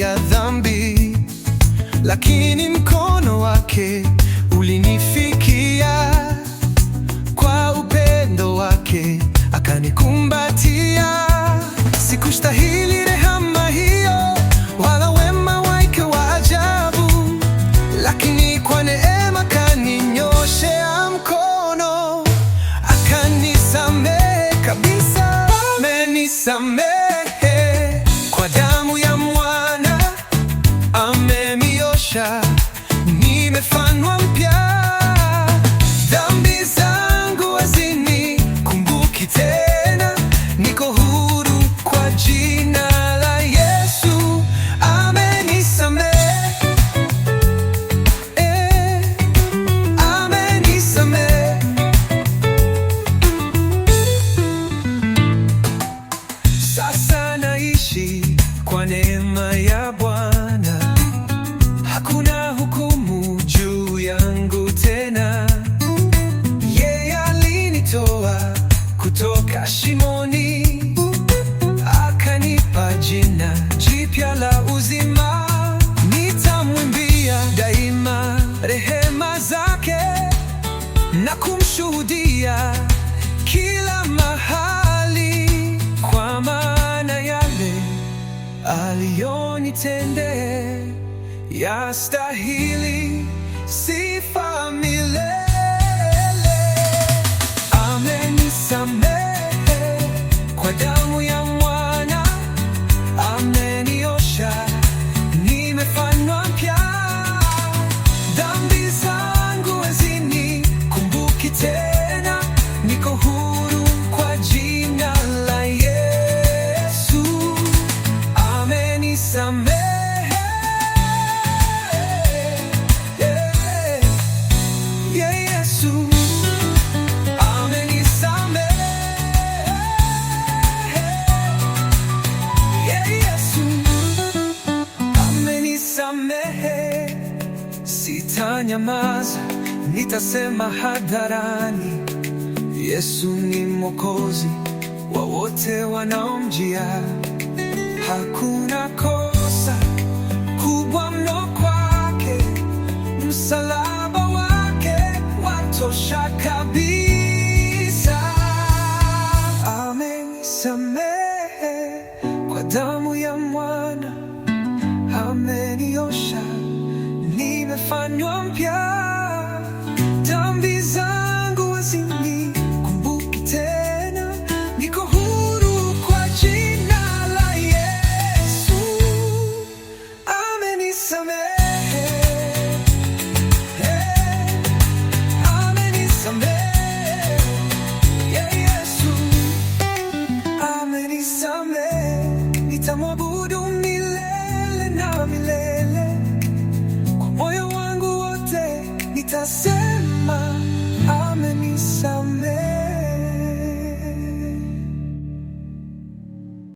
ya dhambi, lakini mkono wake ulinifikia, kwa upendo wake akanikumbatia. Sikustahili rehema hiyo, wala wema wake wa ajabu, lakini kwa neema kaninyoshea mkono, akanisamehe kabisa, amenisamehe tosha, nimefanywa mpya. Dhambi zangu hazini kumbuki tena, niko huru kwa jina la Yesu, amenisame eh, amenisamehe. Sasa naishi kwa neema na kumshuhudia kila mahali, kwa maana yale aliyonitendea yastahili Sitanyamaza, nitasema hadharani, Yesu ni Mwokozi wa wote wanaomjia. Hakuna kosa kubwa mno kwake, msalaba wake watosha kabisa. Amenisamehe kwa damu ya mwana, ameniosha umefanywa mpya, dhambi zangu kumbuki tena, niko huru kwa jina la Yesu, amenisamehe, amenisamehe, Yesu amenisamehe, nitamwabudu milele na milele muita tá